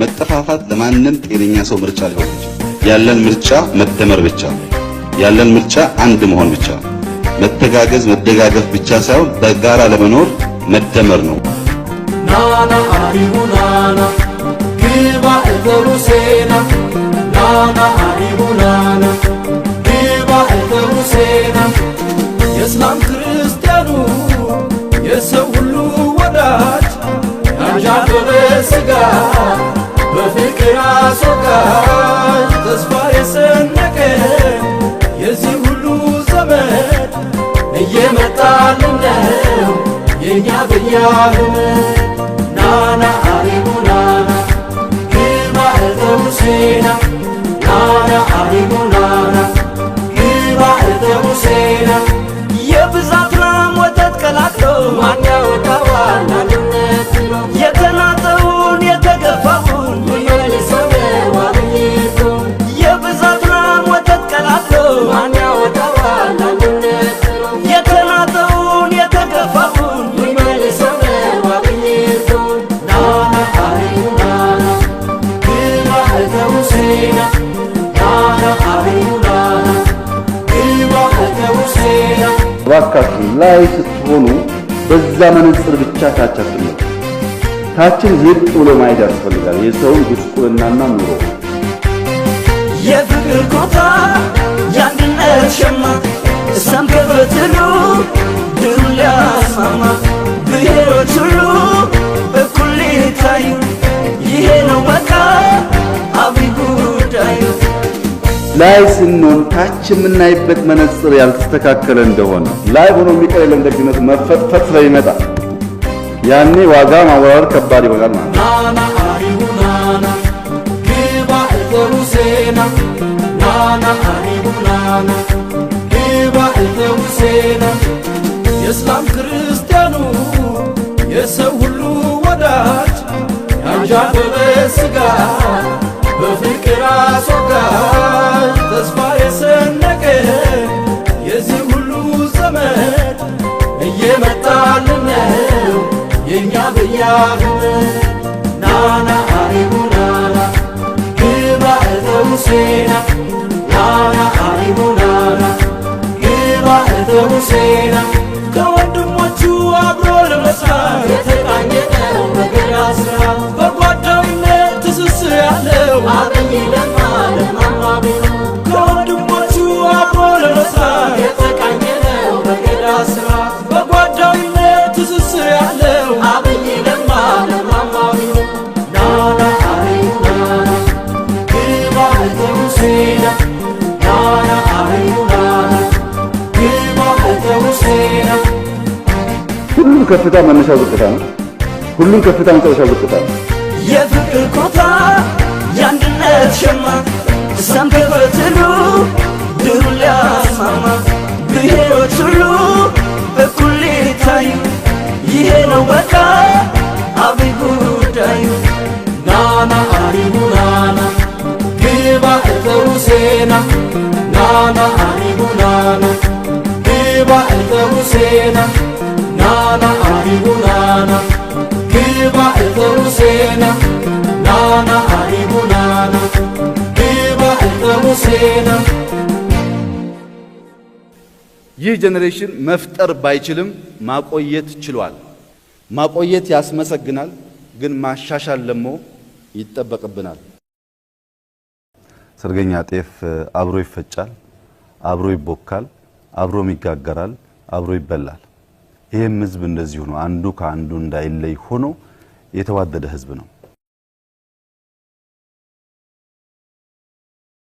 መጠፋፋት ለማንም ጤነኛ ሰው ምርጫ ሊሆን ያለን ምርጫ መደመር ብቻ ያለን ምርጫ አንድ መሆን ብቻ መተጋገዝ መደጋገፍ ብቻ ሳይሆን በጋራ ለመኖር መደመር ነው። ናና አሪሁ ናና ግባ እዘሩ ሴና ናና አሪሁ በፍቅር አስወጋኝ ተስፋ የሰነቀ የዚህ ሁሉ ዘመን እየመጣልን ነው የእኛ ናና ናና ሙሴና ናና እባካችሁ ላይ ስትሆኑ በዛ መነጽር ብቻ ታች አትመጡ። ታችን ዝቅ ብሎ ማየት ያስፈልጋል። የሰውን ጉስቁልናና ኑሮ የፍቅር ኮታ ያንድነት ሸማ እሳም ከበትሉ ላይ ስንሆን ታች የምናይበት መነጽር ያልተስተካከለ እንደሆነ ላይ ሆኖ የሚቀር እንደግነት መፈጥፈጥ ስለሚመጣ ያኔ ዋጋ ማወራር ከባድ ይሆናል ማለት የእስላም ክርስቲያኑ የሰው ሁሉ ወዳጅ ስጋ በፍቅር አስወጋ የመጣልን ነው የእኛ ብያህም ናና አሪቡ ናና ግባእተ ሙሴና ናና አሪቡ ናና ግባእተ ሙሴና ከፍታ መነሻው ዝቅታ ነው። ሁሉም ከፍታ መጨረሻው ዝቅታ ነው። የፍቅር ኮታ የአንድነት ሸማ እሳም ከፈትሉ ድሩ ሊያስማማ ብሔሮች ሁሉ እኩል ሊታዩ ይሄ ነው በቃ አብይ ጉዳዩ። ናና አሪቡ ናና ግባ እጠሩ ሴና ናና አሪቡ ናና ግባ እጠሩ ሴና nana አሪቡ ናና kiba እተሙሴና ናና አሪቡ ናና ግባ እተሙሴና ይህ ጄኔሬሽን መፍጠር ባይችልም ማቆየት ችሏል። ማቆየት ያስመሰግናል፣ ግን ማሻሻል ደግሞ ይጠበቅብናል። ሰርገኛ ጤፍ አብሮ ይፈጫል፣ አብሮ ይቦካል፣ አብሮም ይጋገራል፣ አብሮ ይበላል። ይህም ህዝብ እንደዚሁ ነው። አንዱ ከአንዱ እንዳይለይ ሆኖ የተዋደደ ህዝብ ነው።